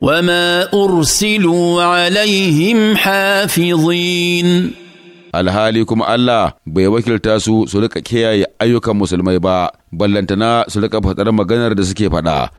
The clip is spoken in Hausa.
وما Ursilu عليهم حافظين alhali kuma Allah bai wakilta su su rika kiyaye ayyukan musulmai ba ballantana su rika faɗar maganar da suke faɗa